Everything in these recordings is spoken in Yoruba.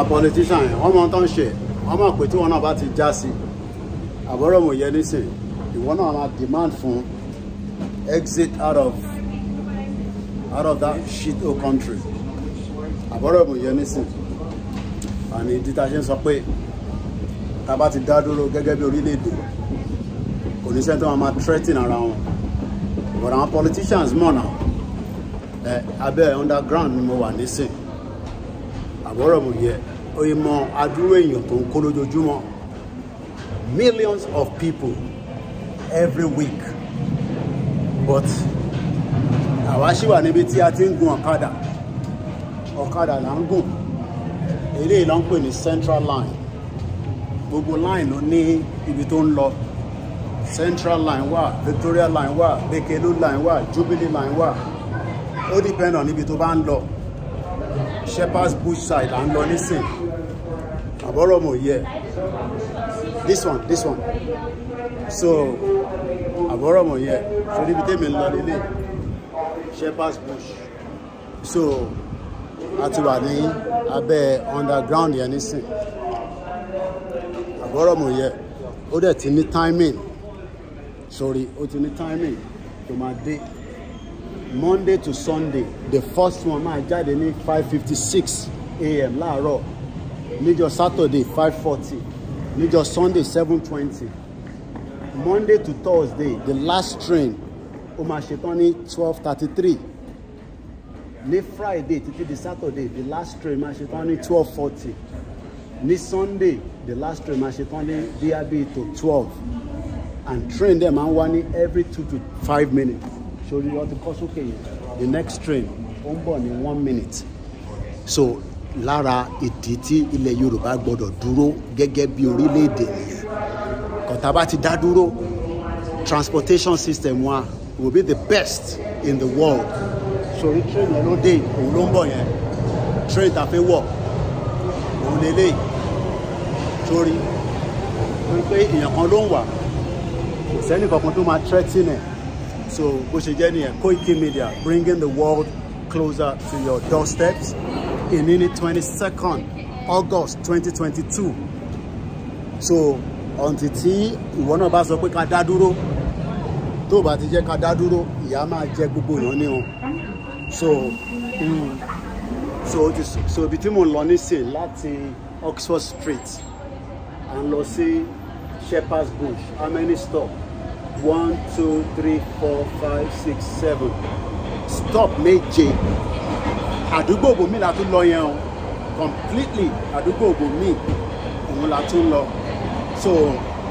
àwọn politician yẹn wọ́n mọ tó ń ṣe wọ́n mọ̀ pé tí wọ́n náà bá ti já sí àbúrò mò nísìn ìwọ náà máa demand fún exit out of out of that shit o country àbúrò mò yẹ nísìn àní dídá ṣe ń sọ pé tá a bá ti dá dúró gẹ́gẹ́ bí orílẹ̀-èdè kò ní sẹ́ni máa máa ara wọn but àwọn politicians mọ̀ náà abẹ́ underground ni mo wà nísìn àbọ̀rọ̀ mò ń yẹ oye mọ adúrú èèyàn tó ń kó lójoojúmọ́ millions of people every week but àwa ṣì wà níbi tí a ti ń gun ọ̀kadà ọ̀kadà là ń gùn eléyìí là ń pè ní central line gbogbo line ló ní ibi tó ń lọ central line wà victoria line wà bekelu line wà jubilee line wà ó depend on ibi tó bá ń lọ. Shepherd's Bush side là ń lọ nísìn àbọ̀rọ̀ mò this one this one so àbọ̀rọ̀ mò yẹ torí ibi tèmi ń Shepherd's Bush so a ti wà underground yẹn nísìn àbọ̀rọ̀ mò yẹ ó dẹ̀ ti ní timing sorry ó ti ní timing tó my dé monday to sunday the first one máa jáde ní five fifty six a.m. láàárọ̀ níjọ́ saturday five forty níjọ́ sunday seven twenty monday to thursday the last train ó máa ṣetán ní twelve thirty three ní friday títí di saturday the last train máa ṣetán ní twelve forty ní sunday the last train máa ṣetán ní bíi to twelve and train dem máa ń wá ní every two to five minutes sórí wọn ti kọ́ sókè yẹn the next train ó ń bọ̀ ní one minute so lára ìdí tí ilẹ̀ Yorùbá gbọ́dọ̀ dúró gẹ́gẹ́ bí orílẹ̀-èdè nìyẹn kọ̀tà bá ti dá dúró transportation system wa will be the best in the world sórí train yẹn ló dé òun ló ń bọ̀ yẹn train tàfé wọ̀ òun lélẹ̀ sórí torí pé èèyàn kan ló ń wà kò sẹ́ni kankan tó máa threaten so bó ṣe jẹ́ nìyẹn Koiki Media bringing the world closer to your doorsteps in any twenty second August twenty twenty two so ọ̀ǹtì tí ìwọ náà bá sọ pé ká dá dúró tó bá ti jẹ́ ká dá dúró ìyá máa jẹ gbogbo èèyàn ní wọn so mm, so so ibi tí mò ń lọ nísìn láti Oxford Street à ń lọ sí Shepherd's Bush how many stop one two three four five six seven stop méje àdúgbò bòmí la tún lọ yẹn o completely àdúgbò bòmí òun la tún lọ so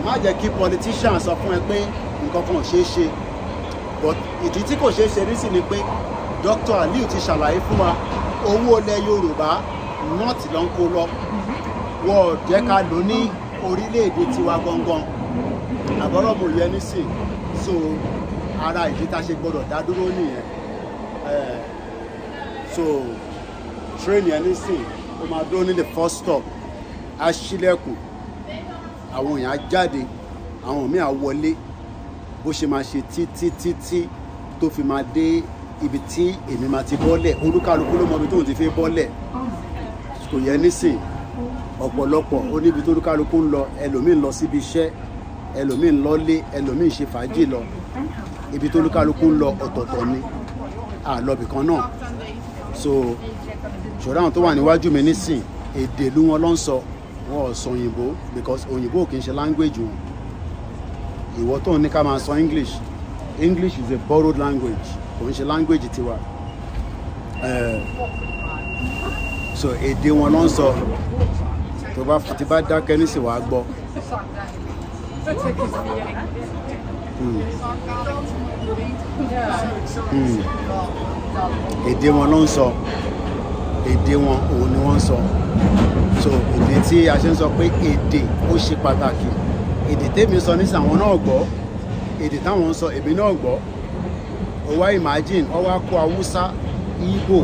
má jẹ́ kí politicians sọ fún ẹ pé nǹkan kan ò ṣeé ṣe but ìdí tí kò ṣeé ṣe rí sí ni pé Dr. Aliu ti ṣàlàyé fún wa owó ilẹ̀ Yorùbá north ló ń kó lọ wọ́n jẹ́ ká lò ní orílẹ̀-èdè tiwa gangan àbọ̀rọ̀ mo yẹ nísìn so ara ìdí tá a ṣe gbọ́dọ̀ dá dúró nìyẹn eh, so train yẹn nísìn ó máa dúró ní the first stop á ṣílẹ̀kùn àwọn èèyàn á jáde àwọn míì á wọlé bó ṣe máa ṣe títí títí tó fi máa dé ibi tí èmi máa ti bọ́lẹ̀ olúkálukú ló mọ ibi tóun ti fi bọ́lẹ̀ kò yẹ nísìn ọ̀pọ̀lọpọ̀ ó níbi tó olúkálukú ń lọ ẹlòmíì ń lọ síbi iṣẹ́ ẹlòmíì ń lọ́lé ẹlòmíì ṣe fàájì lọ ibi tó lúkálukú ń lọ ọ̀tọ̀ọ̀tọ̀ ni àlọ́bì kan náà so ṣọ̀rọ̀ àwọn tó wà níwájú mi nísìn èdè ló wọn ló ń sọ wọn ò sọ òyìnbó because òyìnbó kì í ṣe language wọn ìwọ tó ń ní ká máa sọ english english is a borrowed language kò ń ṣe language tiwa eh, so èdè wọn ló ń sọ tó bá ti bá dákẹ́ gbọ́. Hmm. Hmm. Hmm. èdè wọn ló ń sọ èdè wọn òun ni wọ́n ń sọ so èdè tí a ṣe ń sọ pé èdè ó ṣe pàtàkì èdè tèmi sọ ní sàwọn náà gbọ́ èdè táwọn ń sọ èmi náà gbọ́ ó wá imagine ó wá kó haúsá Ìgbò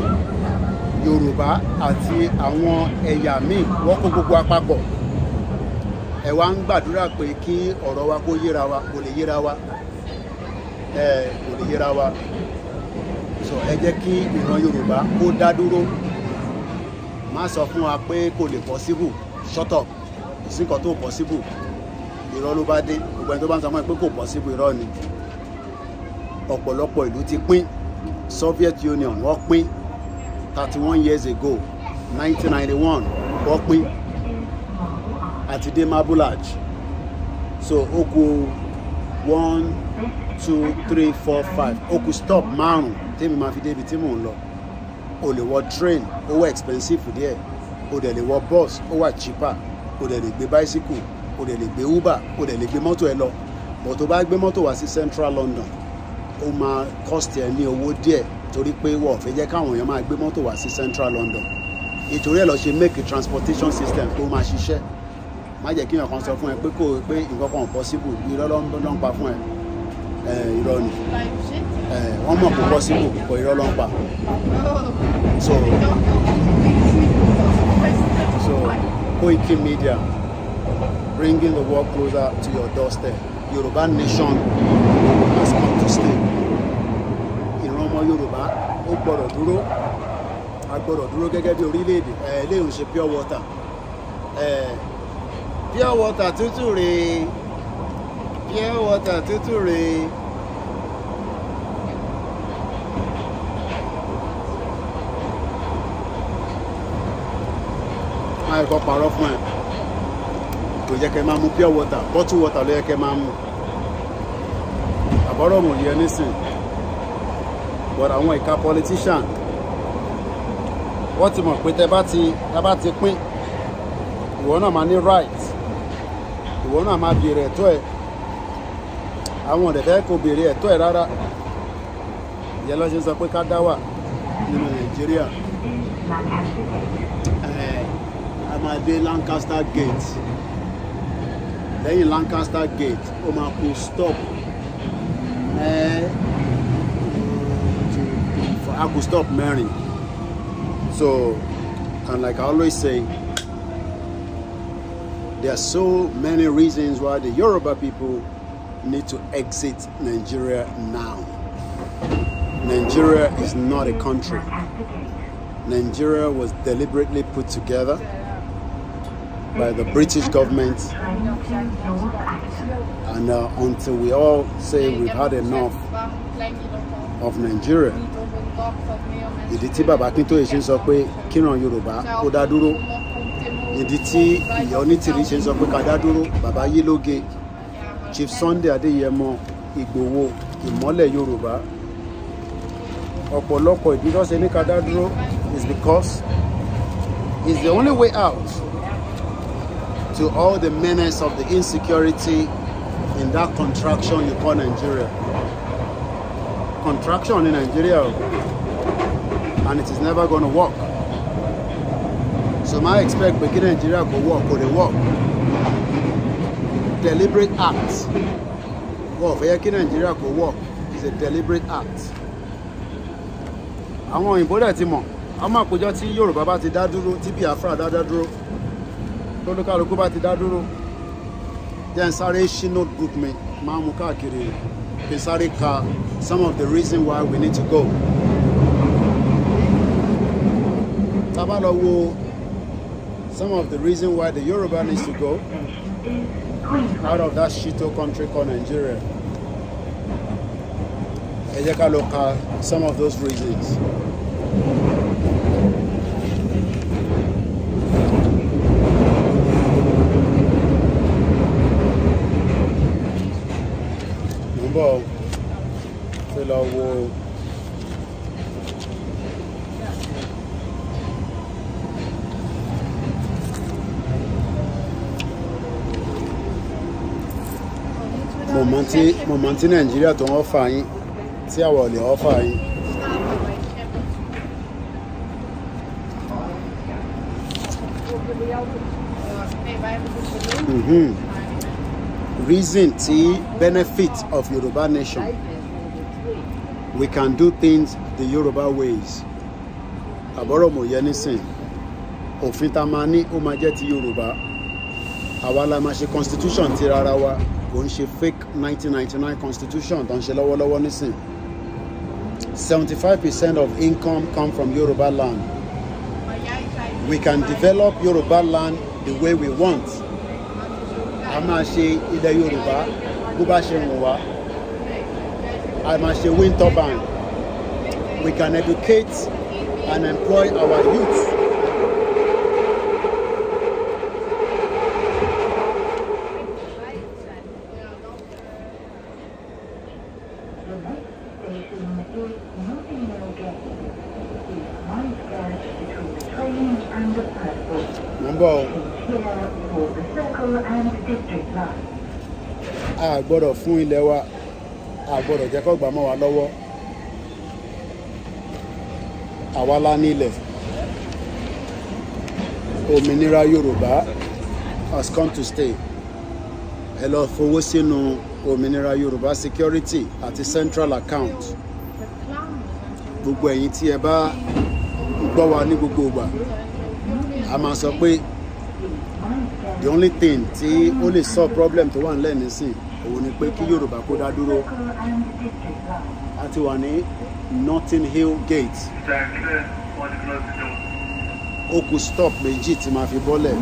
Yorùbá àti àwọn ẹ̀yà míì wọ́n kó gbogbo apapọ̀ ẹ wá ń gbàdúrà pé kí ọ̀rọ̀ wa kó yíra wa kò lè yíra wa ẹ kò lè yíra wa sọ ẹ jẹ́ kí ìran Yorùbá kó dá dúró má sọ fún wa pé kò lè possible shut up kò sí nǹkan tó possible irọ́ ló bá dé gbogbo ẹni tó bá ń sọ fún ẹ pé kò possible irọ́ ni ọ̀pọ̀lọpọ̀ ìlú ti pín Soviet Union wọ́n pín thirty one years ago nineteen ninety one wọ́n pín àti dé mabulaj so Oku one two three four five Oku stop márùn tèmi máa fi débi tí mò ń lọ o lè wọ train ó wà expensive díẹ̀ o dẹ̀ lè wọ bus ó wà cheaper o dẹ̀ lè gbé bicycle o dẹ̀ lè gbé uber o dẹ̀ lè gbé mọ́tò ẹ lọ bọ̀ tó bá gbé mọ́tò wá sí central london ó máa cost ẹ ní owó díẹ̀ torí pé wọ́n fẹ́ jẹ́ káwọn èèyàn máa gbé mọ́tò wá sí central london ìtorí ẹ̀ lọ ṣe make a transportation system tó máa ṣiṣẹ́ má jẹ́ kí ọkàn sọ fún ẹ pé kò pé nǹkan kan possible irọ́ ló ń pa fún ẹ irọ́ ni wọ́n mọ̀ kó possible kò irọ́ ló ń pa so so Koiki Media bringing the world closer to your doorstep Yoruba nation has come to stay ìran ọmọ Yorùbá ó gbọ́dọ̀ dúró a gbọ́dọ̀ dúró gẹ́gẹ́ bí orílẹ̀-èdè ẹ̀ lè ń pure water. Eh, pure water tútù rèé pure water tútù rèé. máa kọ́ parọ́ fún ẹ kò yẹ kẹ́ máa mu pure water bottle water ló yẹ kẹ́ máa mu àbọ̀rọ̀ mò ń yẹ nísìn but àwọn ìka politician wọ́n ti mọ̀ pé tẹ́ bá ti pín ìwọ náà máa ní right ìwọ náà máa béèrè ẹ̀tọ́ ẹ̀ àwọn ọ̀dẹ̀ fẹ́ kó béèrè ẹ̀tọ́ ẹ̀ rárá ìyẹn ló ṣe sọ pé ká dá wà nínú nàìjíríà a máa dé Lancaster Gate lẹ́yìn Lancaster Gate ó máa kó stop a kó stop mẹ́rin so and like I always say. There are so many reasons why the Yoruba people need to exit Nigeria now. Nigeria is not a country. Nigeria was deliberately put together by the British government and uh, until we all say we've had enough of Nigeria the tí bàbá Akintoye ṣe ń sọ pé kíran ìdí tí ìyá onítìrí ṣe ń sọ pé ká dúró bàbá yílóge Chief Sunday Adéyẹmọ Ìgbòho ìmọ́lẹ̀ Yorùbá ọ̀pọ̀lọpọ̀ ìdí tó ṣe ní ká dá dúró is because it's the only way out to all the menace of the insecurity in that contraction you call Nigeria contraction in Nigeria and it is never gonna work. Some I expect pé kí nàìjíríà kò wọ̀ kò lè wọ̀ deliberate act wọ́n ò fẹ́ yẹ kí nàìjíríà is a deliberate act àwọn òyìnbó dẹ̀ ti go ọmọ àpéjọ tí yorùbá to ti dá dúró tí biafra dá dá dúró tólúkálukú bá ti dá dúró jẹ́ n sáré ṣí notebook mi máa mú káàkiri kí n sáré ka some of the reason why we need to go tá a wo some of the reason why the Yoruba needs to go out of that Shito country called Nigeria. Ẹ some of those reasons. Number. ń mọ̀ tí mo mọ̀ tí nàìjíríà tó ń ọ́fà yín tí àwọn ọ̀lẹ́ ọ́fà yín. mm Reason tí benefit of Yoruba nation we can do things the Yoruba ways àbọ̀rọ̀ mò yẹ nísìn òfin tá a máa ní ó máa jẹ́ ti Yorùbá àwa la máa ṣe constitution ti rárá wa kò ń ṣe fake nineteen ninety nine constitution tó ń ṣe lọ́wọ́lọ́wọ́ nísìn seventy five percent of income come from Yoruba land we can develop Yoruba land the way we want a máa ṣe ilẹ̀ Yorùbá bó bá ṣe wù wá a máa ṣe wind turbine we can educate and employ our youth. a gbọ́dọ̀ fún ilẹ̀ wa a gbọ́dọ̀ jẹ́ kó gbà mọ́ wa lọ́wọ́ àwa la ní ilẹ̀ òmìnira Yorùbá has come to stay ẹ lọ fowó sínú òmìnira Yorùbá security àti central account gbogbo ẹ̀yin tí ẹ bá gbọ́ wa ní gbogbo ìgbà a máa sọ pé the only thing tí ó lè solve problem tó wà nílẹ̀ nísìnyí pé kí Yorùbá kó dá dúró a ti wà ní Notting Hill Gate Oku stop méjì tí máa fi bọ́lẹ̀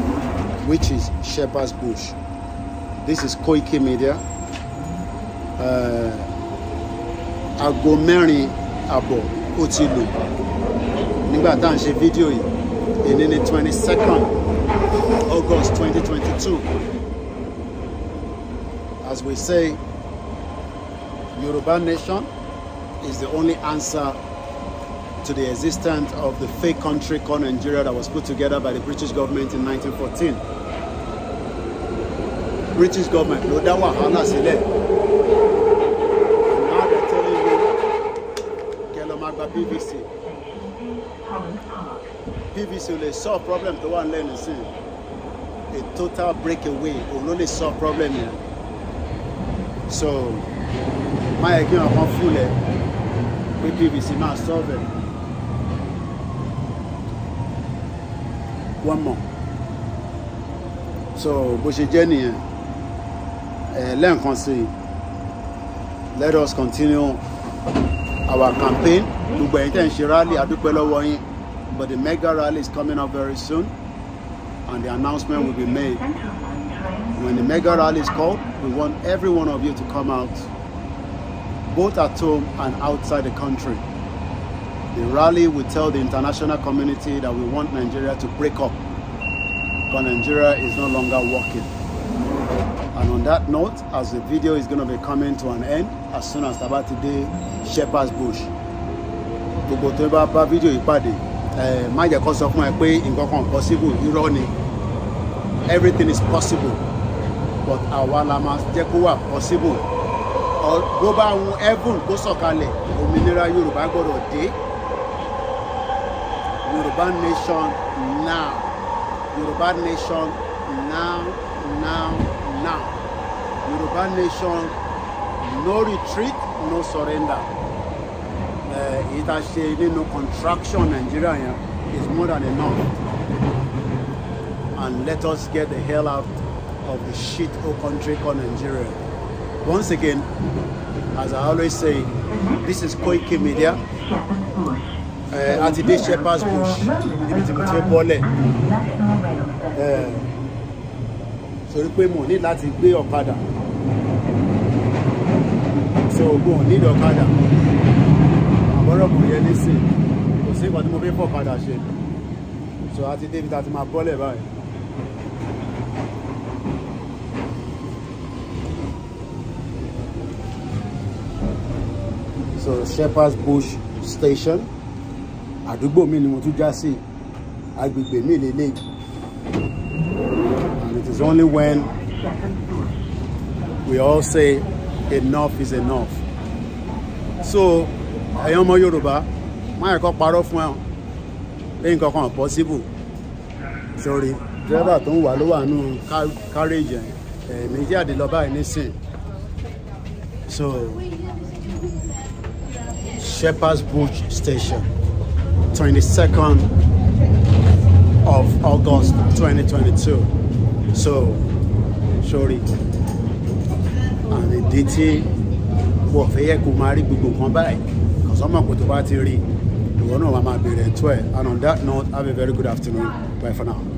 which is Shepherd's Bush this is Koike Media eh, aago mẹ́rin àbọ̀ ó ti lù nígbà tá à ń ṣe fídíò yìí èyí ní twenty second August twenty twenty two. as we say, Yoruba nation is the only answer to the existence of the fake country called Nigeria that was put together by the British government in 1914. British government no ló dá wàhálà sílẹ̀. Now they're telling you get lọ máa gba PVC. PVC ò solve problem tó one nílẹ̀ nísìnyí. A total breakaway will only lè solve problem so my yẹ kí wọn kàn fúlẹ̀ pé PVC máa solve one more so bó Jenny, jẹ́ nìyẹn ẹ̀ let us continue our campaign to be tẹ́ ń ṣe rally adúpẹ́ lọ́wọ́ yín but the mega rally is coming up very soon and the announcement will be made when the mega rally is called, we want every one of you to come out, both at home and outside the country. The rally will tell the international community that we want Nigeria to break up, because Nigeria is no longer working. And on that note, as the video is going to be coming to an end, as soon as about today, Shepherd's Bush. Gbogbo tó bá bá fídíò yìí pàdé, eh, má jẹ́ kó sọ fún ẹ pé nǹkan kan possible irọ́ ni. Everything is possible but àwa la máa jẹ́ kó wà possible ló bá hun heaven kó sọ̀kalẹ̀ òmìnira Yorùbá gbọ́dọ̀ dé Yorùbá nation now Yorùbá nation now now now Yorùbá nation no retreat no surrender èyí eh, tá a ṣe nínú contraction Nàìjíríà yẹn is more than enough and let us get the hell out of the shithole country called Nigeria. Once again, as I always say, this is Koike Media. At the day Shepherd's Bush níbi tí mo ti bọ́lẹ̀. Uh, torí pé mo ní láti gbé ọ̀kadà. So go on, need Àbọ̀rọ̀ kò yẹ nísìn. Kò sí ìgbà tí mo fi fọ̀ So àti the day that my máa bọ́lẹ̀ so Shepherd's Bush station àdúgbò mi ni mo tún já sí agbègbè mi lélẹ̀ and it is only when we all say enough is enough so ẹ̀yin ọmọ Yorùbá máa kọ́ parọ́ fún ẹ pé nǹkan kan possible sorry dírẹ́bà tó ń wà ló wà nù kárẹ́jì ẹ̀mí jáde lọ báyìí nísìn so. Shepherd's Bush Station, 22nd of August 2022. So, sorry. And ìdí tí wọ́n fẹ́ yẹ kó máa rí gbogbo nǹkan báyìí, kàn sọ́mọ̀ kò tó bá ti rí, ko maa come gbogbo cause I'm not going máa bèrè ẹ̀tọ́ ẹ̀. And on that note, have a very good afternoon. Bye for now.